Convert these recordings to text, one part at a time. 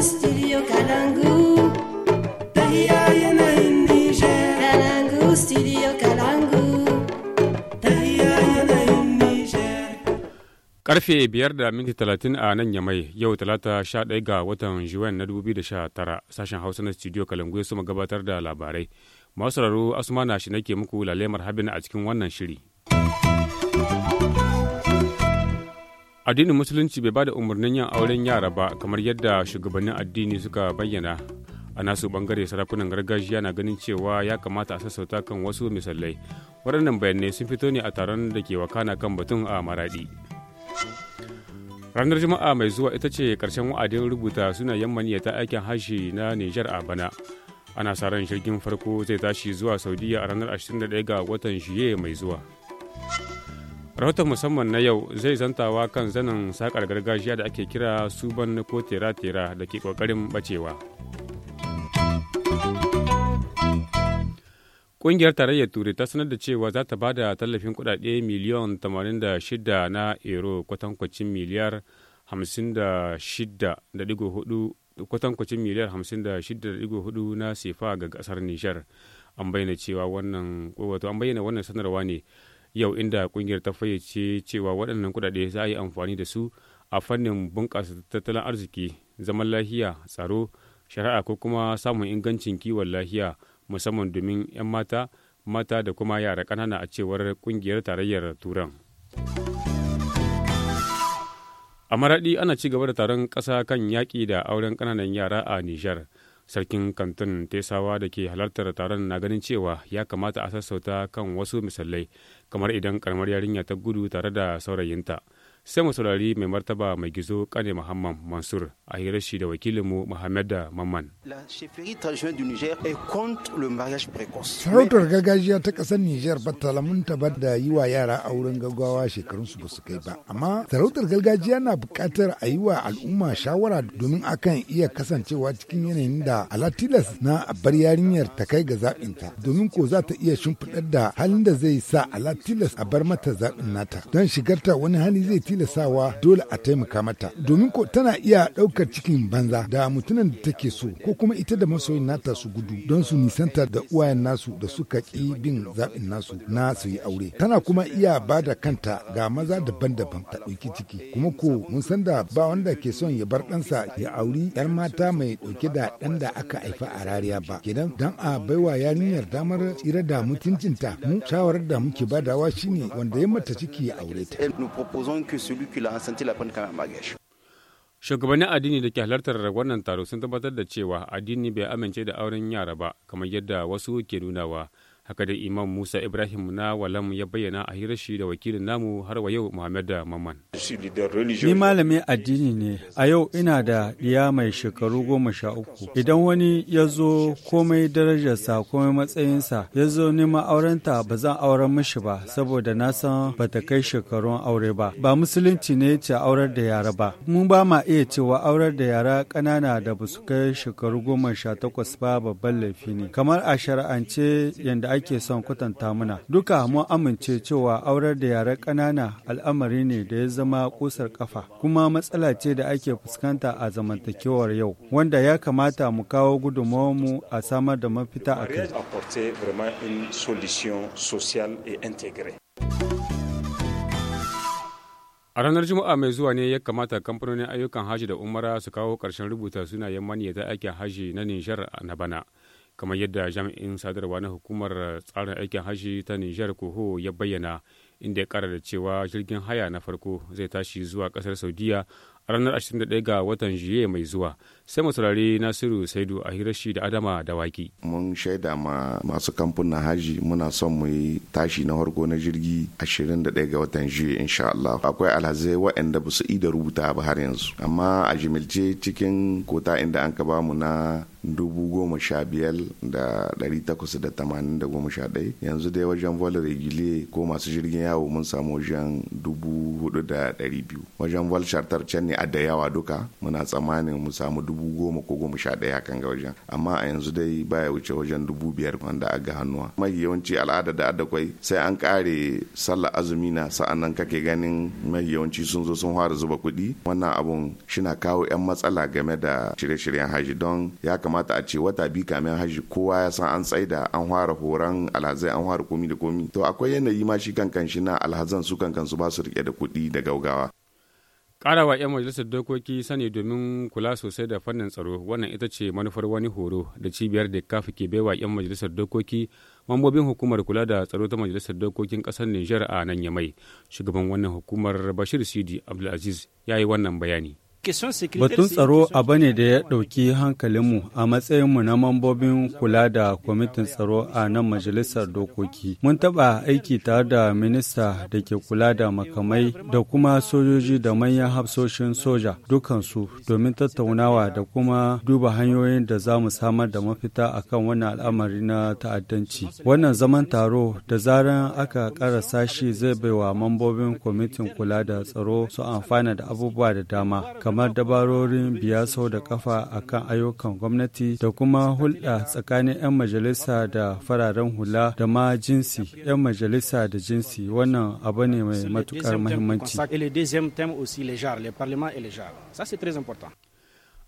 studio Karfe biyar da minti talatin a nan yamai yau talata sha ɗaya ga watan Juwan na dubu sashen Hausa na studio Kalangu ya suma gabatar da labarai. Masu sauraro shi shi nake muku lalemar habin a cikin wannan shiri. addinin musulunci bai bada umarnin yin auren yara ba kamar yadda shugabannin addini suka bayyana a nasu bangare sarakunan gargajiya na ganin cewa ya kamata a sassauta kan wasu misalai waɗannan bayanai sun fito ne a taron da ke wakana kan batun a maradi ranar juma'a mai zuwa ita ce karshen wa'adin rubuta suna sunayen ta aikin hashi na nijar a bana ana sa ran jirgin farko zai tashi zuwa saudiya a ranar 21 ga watan shiye mai zuwa rahoton musamman na yau zai zantawa kan zanen sakar gargajiya da ake kira suban ko tera-tera da ke kokarin bacewa Ƙungiyar Tarayyar Turai ta sanar da cewa za ta ba da tallafin kuɗaɗe miliyan 86 na euro kwatankwacin miliyar 56.4 kwatankwacin miliyar 56.4 na sefa ga ƙasar Nijar. An bayyana cewa wannan sanarwa ne yau inda kungiyar ta fayyace cewa waɗannan kuɗaɗe za a yi amfani da su a fannin bunƙasa tattalin arziki zaman lafiya tsaro shari'a ko kuma samun ingancin kiwon lafiya musamman domin 'yan mata mata da kuma yara ƙanana a cewar kungiyar tarayyar turan a maraɗi ana ci gaba da taron ƙasa kan yaƙi da auren ƙananan yara a nijar sarkin kantin tesawa da ke halartar taron na ganin cewa ya kamata a sassauta kan wasu misalai kamar idan karamar yarinya ta gudu tare da saurayinta sai mu saurari mai martaba mai gizo kane muhammad mansur a hirar shi da wakilinmu muhammad mamman sarautar gargajiya ta kasar niger ba ta lamunta ba da yi wa yara auren gaggawa su ba su kai ba amma sarautar gargajiya na buƙatar a yi wa al'umma shawara domin akan iya kasancewa cikin yanayin da alatilas na bar yarinyar ta kai ga ta domin ko za ta iya shimfiɗar da halin da zai sa alatilas a bar mata zaɓin nata don shigarta wani hali zai da sawa dole a taimaka mata domin ko tana iya ɗaukar cikin banza da mutumin da take so ko kuma ita da masoyin nata su gudu don su nisanta da uwayen nasu da suka ƙi bin zaɓin nasu na su yi aure tana kuma iya ba da kanta ga maza daban-daban ta ɗauki ciki kuma ko mun san da ba wanda ke son ya bar ɗansa ya auri yar mata mai ɗauke da ɗan da aka haifa a rariya ba kenan dan a baiwa yarinyar damar tsira da mutuncinta mu shawarar da muke badawa shine wanda ya mata ciki ya aure ta celui l'a senti la kan Shugabannin addini da ke halartar wannan taro sun tabbatar da cewa addini bai amince da auren yara ba kamar yadda wasu ke nunawa. haka da imam musa ibrahim na walam ya bayyana a hirar shi da wakilin namu har wa yau muhammad maman ni malamin addini ne a yau ina da ɗiya mai shekaru goma sha uku idan wani ya zo komai darajarsa komai matsayinsa ya zo neman aurenta ba zan auren mishi ba saboda na san ba ta kai shekarun aure ba ba musulunci ne ce aurar da yara ba mun ba ma iya cewa aurar da yara ƙanana da ba su kai shekaru goma sha takwas ba babban laifi ne kamar a shari'ance yadda ake son kwatanta mana. Duka mun amince cewa aurar da yara ƙanana al'amari ne da ya zama kusar kafa, kuma matsala ce da ake fuskanta a zamantakewar yau, wanda ya kamata mu kawo mu a samar da mafita a kai. A ranar Juma'a mai zuwa ne ya kamata kamfanonin ayyukan haji da umara su kawo ƙarshen rubuta sunayen maniyyata ake haji na Nijar na bana. kamar yadda jami'in sadarwa na hukumar tsarin aikin hajji ta nijar koho ya bayyana inda ya kara da cewa jirgin haya na farko zai tashi zuwa kasar saudiya ranar 21 ga watan juye mai zuwa sai mu saurari nasiru saidu a hirashi da adama da waki mun shaida ma masu kamfanin haji muna son mu yi tashi na harko na jirgi 21 ga watan juye insha Allah akwai alhazai waɗanda ba su yi da rubuta ba har yanzu amma a jimilce cikin kota inda an ka ba mu na dubu goma sha biyar da ɗari takwas da tamanin da goma sha ɗaya yanzu dai wajen vol regile ko masu jirgin yawo mun samu wajen dubu hudu da ɗari biyu wajen vol chartar can ne da yawa duka muna tsammanin mu samu dubu goma ko goma sha daya kan ga wajen amma a yanzu dai baya wuce wajen dubu biyar wanda aga hannuwa mafi yawanci al'ada da adda kwai sai an kare sallah azumi na sa'an nan kake ganin mafi yawanci sun zo sun fara zuba kuɗi wannan abun shina kawo 'yan matsala game da shirye-shiryen haji don ya kamata a ce wata bi kamin haji kowa ya san an tsaida an fara horon alhazai an fara komi da komi to akwai yanayi ma shi kankan shi na alhazan su kankan su ba su rike da kuɗi da gaugawa Ƙarawa 'yan majalisar dokoki sani domin kula sosai da fannin tsaro wannan ita ce manufar wani horo da cibiyar da kafi ke baiwa 'yan majalisar dokoki mambobin hukumar kula da tsaro ta majalisar dokokin ƙasar Nijar a nan yamai. Shugaban wannan hukumar Bashir Sidi Abdulaziz ya yi wannan bayani. Batun tsaro abu ne da ya ɗauki hankalinmu a matsayinmu na mambobin kula da kwamitin tsaro a nan majalisar dokoki. Mun taɓa aiki tare da minista da ke kula da makamai da kuma sojoji da manyan hafsoshin soja dukansu domin tattaunawa da kuma duba hanyoyin da za mu samar da mafita a kan wannan al'amari na ta'addanci. Wannan zaman taro da zaran aka kara shi zai baiwa mambobin kwamitin kula da tsaro su amfana da abubuwa da dama kamar kamar dabarorin biya sau da kafa akan ayyukan gwamnati da kuma hulɗa tsakanin 'yan majalisa da fararen hula da ma jinsi 'yan majalisa da jinsi wannan abu ne mai matukar muhimmanci.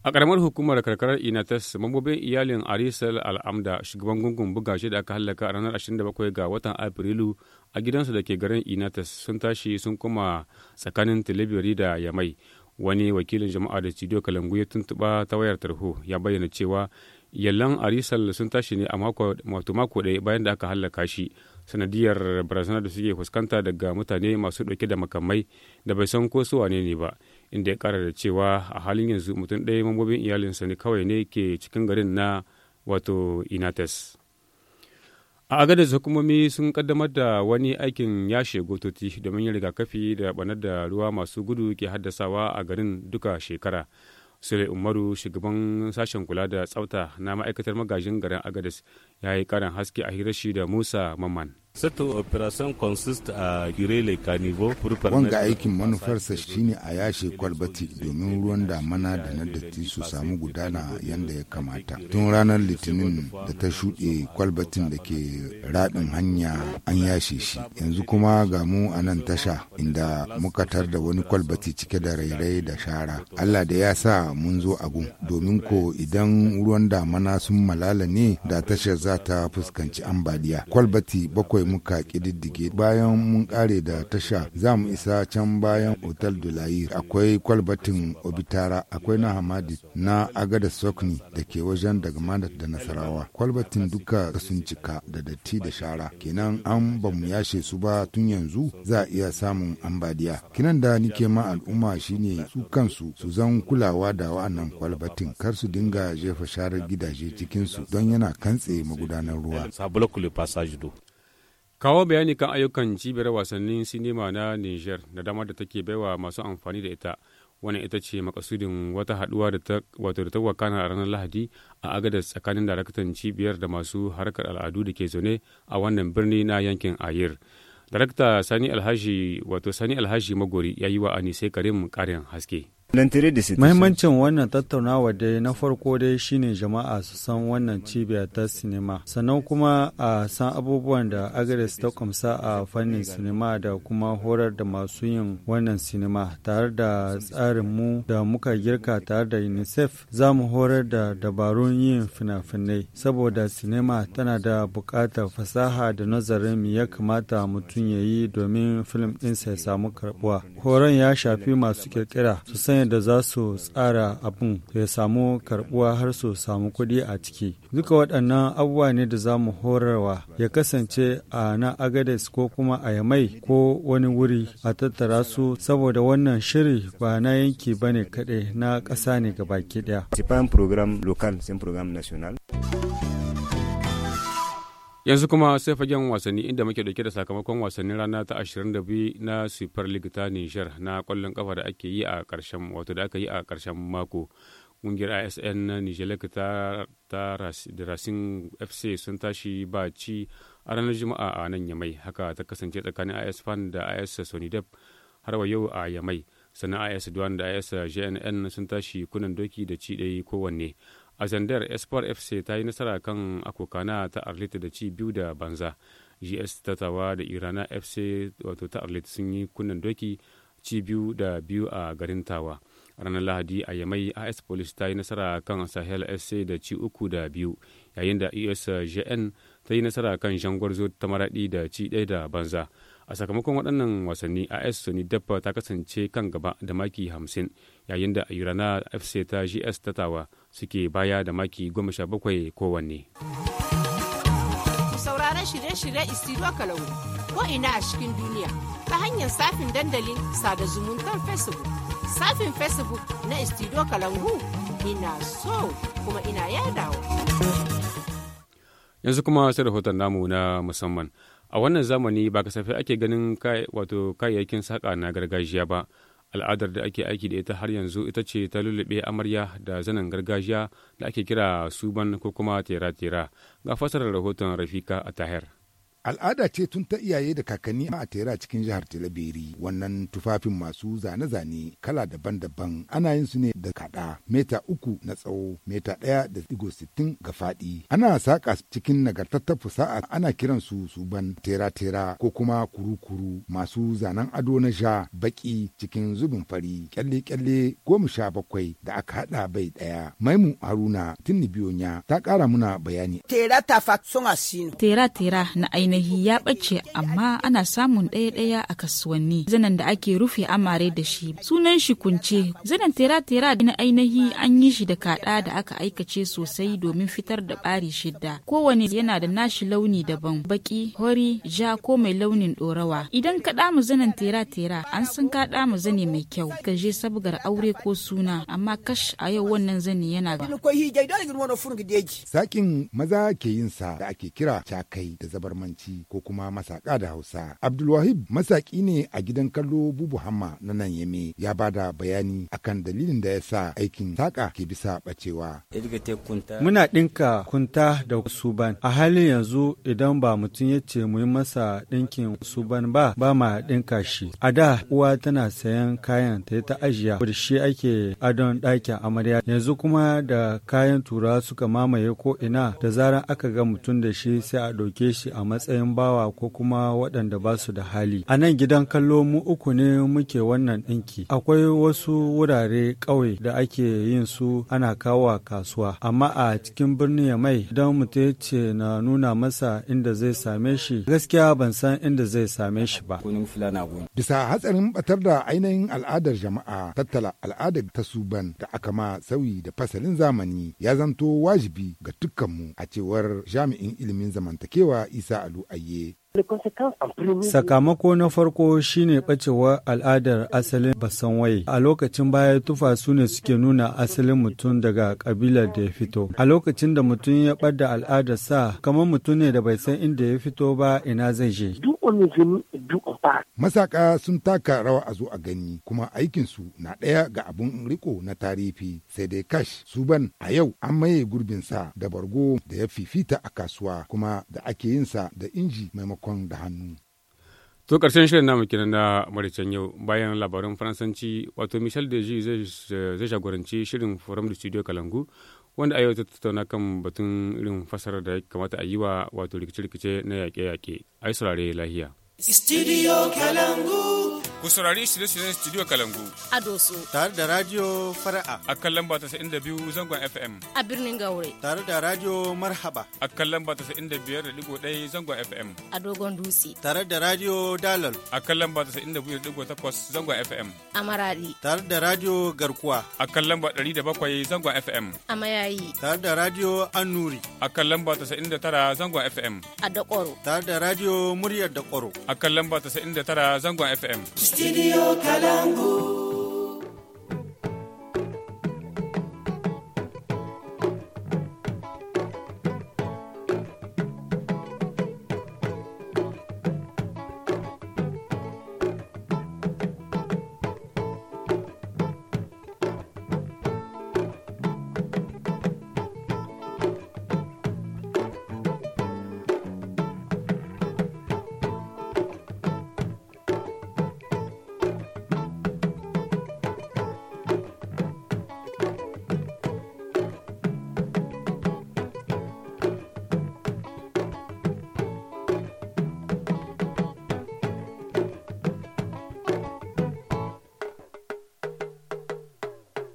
A ƙaramar hukumar karkarar Inatas, mambobin iyalin Arisal Al'amda, shugaban gungun buga shi da aka hallaka a ranar 27 ga watan Afrilu a gidansu da ke garin Inatas sun tashi sun koma tsakanin Tilibiri da Yamai. wani wakilin jama'a da studio kalangu ya tuntuɓa ta wayar tarho ya bayyana cewa yallan arisal sun tashi ne a mako ɗaya bayan da aka hallaka shi sanadiyar barazanar da suke fuskanta daga mutane masu ɗauke da makamai da bai san ko su wane ne ba inda ya kara da cewa a halin yanzu mutum ɗaya mambobin iyalinsa ne kawai ne ke cikin garin na wato inates a agadis hukumomi sun kaddamar da wani aikin yashe gotoci domin yin rigakafi da banar da ruwa masu gudu ke haddasawa a garin duka shekara sule umaru shugaban sashen kula da tsafta na ma'aikatar magajin garin agadis ya yi karin haske a hirashi da musa mamman Wanga aikin manufarsa shine a yashe kwalbati domin ruwan damana da na datti su samu gudana yadda ya kamata. Tun ranar Litinin da ta shuɗe kwalbatin da ke raɗin hanya an yashe shi. Yanzu kuma ga mu a nan tasha inda muka tar da wani kwalbati cike da rairai da shara. Allah da ya sa mun zo agun domin ko idan ruwan damana sun malala ne da tashar za ta fuskanci ambaliya. Kwalbati bakwai kawai muka ƙididdige bayan mun kare da tasha za mu isa can bayan otal dulayi akwai kwalbatin obitara akwai na hamadi na agada sokni da ke wajen daga manat da nasarawa kwalbatin duka sun cika da datti da shara kenan an ba mu yashe su ba tun yanzu za a iya samun ambaliya kinan da nike ma al'umma shine su kansu su zan kulawa da wa'annan kwalbatin kar su dinga jefa sharar gidaje cikinsu don yana kantse magudanar ruwa kawo bayani kan ayyukan cibiyar wasannin sinima na niger da dama da take baiwa masu amfani da ita wannan ita ce makasudin wata haduwa da ta wato da ta wakana a ranar lahadi a agadar tsakanin daraktan cibiyar da masu harkar al'adu da ke zaune a wannan birni na yankin ayir darakta sani alhaji wato sani alhaji magori ya yi wa anise karim karin haske Mahimmancin wannan tattaunawa dai na farko dai shine jama'a su san wannan cibiya ta sinima sannan kuma a san abubuwan da Agres ta kamsa a fannin sinima da kuma horar da masu yin wannan sinima tare da tsarin mu da muka girka tare da UNICEF za mu horar da dabarun yin fina-finai saboda sinima tana da buƙatar fasaha da nazarin mu ya kamata mutum ya yi domin fim ɗinsa ya samu karɓuwa. Horon ya shafi masu kirkira su da za su tsara abin ya samu karbuwa har su samu kuɗi a ciki duka waɗannan abubuwa ne da za mu horarwa ya kasance a na agades ko kuma a yamai ko wani wuri a tattara su saboda wannan shiri ba na yanki ba ne kaɗai na ƙasa ne gabaki ɗaya. yanzu kuma sai fagen wasanni inda muke dauke da sakamakon wasannin rana ta 22 na super league ta niger na kwallon kafa da ake yi a karshen wato da aka yi a karshen mako ƙungiyar isn na niger ta da fc sun tashi ba ci a ranar juma'a a nan yamai haka ta kasance tsakanin is fan da is sonidep har wa yau a yamai sannan is duwan da is jnn sun tashi kunan doki da ci ɗaya kowanne a zandar espoir fc ta yi nasara kan akokana ta arlita da ci biyu da banza gs tatawa da irana fc wato ta arlita sun yi kunnen doki ci biyu da biyu a garin tawa ranar lahadi a yamai as police ta yi nasara kan sahel fc da ci uku da biyu yayin da usgn ta yi nasara kan jangwarzo ta maradi da ci ɗaya da banza a sakamakon waɗannan wasanni as suni dabba ta kasance kan gaba da maki hamsin yayin da irana fc ta gs tatawa suke baya da maki goma sha bakwai kowanne sauraron shirye-shirye isiro kalau ko ina a cikin duniya ta hanyar safin dandalin sada zumuntar facebook safin facebook na isiro kalangu ina so kuma ina yadawa yanzu kuma sai rahoton namu na musamman a wannan zamani ba kasafai ake ganin wato kayayyakin saƙa na gargajiya ba al'adar da ake aiki da ita har yanzu ita ce ta lullube amarya da zanen gargajiya da ake kira suban ko kuma tera-tera ga fasarar rahoton rafika a tahir Al'ada ce tun ta iyaye da kakanni a tera cikin jihar Talabiri wannan tufafin masu zane-zane kala daban-daban ana yin su ne da kada meta uku na tsawo meta ɗaya da digo sittin ga faɗi. Ana saƙa cikin nagartattar fusa'a ana kiran su suban tera-tera ko kuma kuru-kuru masu zanen ado na sha baƙi cikin zubin fari kyalle-kyalle goma sha bakwai da aka haɗa bai ɗaya. Maimu Haruna Tinni ta ƙara muna bayani. Tera suna Tera-tera na aini ainihi ya ɓace amma ana samun ɗaya-ɗaya a kasuwanni zanen da ake rufe amare da shi sunan shi kunce zanen tera-tera na ainihi an yi shi da kaɗa da aka aikace sosai domin fitar da ɓari shidda kowane yana da nashi launi daban baki hori ja ko mai launin ɗorawa idan ka ɗamu zanen tera-tera an san ka ɗamu zane mai kyau ka je sabgar aure ko suna amma kash a yau wannan zane yana sakin maza ke yin sa da ake kira cakai da zabarmanci Turanci ko kuma masaka da Hausa. Abdulwahib masaƙi ne a gidan kallo Bubu Hamma na nan Yame ya bada bayani akan dalilin da ya sa aikin saƙa ke bisa bacewa. Muna ɗinka kunta da suban. A halin yanzu idan ba mutum ya ce mu yi masa ɗinkin suban ba ba ma ɗinka shi. A da uwa tana sayan kayan ta ta ajiya da shi ake adon ɗakin amarya. Yanzu kuma da kayan tura suka mamaye ko ina da zaran aka ga mutum da shi sai a ɗauke shi a matsayin matsayin bawa ko kuma waɗanda ba su da hali. A nan gidan kallo mu uku ne muke wannan ɗinki. Akwai wasu wurare ƙauye da ake yin su ana kawo kasuwa. Amma a cikin birnin mai don mutum ce na nuna masa inda zai same shi gaskiya ban san inda zai same shi ba. Bisa hatsarin batar da ainihin al'adar jama'a tattala al'adar ta suban da aka ma sauyi da fasalin zamani ya zanto wajibi ga dukkanmu a cewar jami'in ilimin zamantakewa Isa Alu a Sakamako na farko shine bacewa al'adar asalin Basanwai. A lokacin baya tufa su ne suke nuna asalin mutum daga kabilar da ya fito. A lokacin da mutum ya al'adar sa kamar mutum ne da bai san inda ya fito ba ina zai je. fara. Masaka sun taka rawa a zo a gani kuma aikinsu na ɗaya ga abun riko na tarifi sai dai kash ban a yau an maye gurbinsa da bargo da ya fifita a kasuwa kuma da ake yinsa da inji maimakon da hannu. To karshen shirin namu kenan na maricen yau bayan labarin Faransanci wato Michel Deji zai shagoranci shirin Forum da Studio Kalangu wanda a yau ta tattauna kan batun irin fasarar da ya kamata a yi wa wato rikice-rikice na yaƙe-yaƙe. Ai saurare lahiya. Studio Kalangu. Ku saurari shirye-shiryen Studio Kalangu. A Doso. Tare da Radio Fara'a. A kan lamba biyu zangon FM. A birnin Gaure. Tare da Radio Marhaba. A kan lamba biyar da 95.1 zangon FM. A Dogon Dutse. Tare da Radio Dalal. A kan lamba takwas zangon FM. A Maradi. Tare da Radio Garkuwa. A kan lamba bakwai zangon FM. A Mayayi. Tare da Radio Annuri. a kan lamba 99 zangon FM. A Dakoro. Tare da Radio Muryar Dakoro. A kan lamba 99 zangon FM. Studio Kalangu.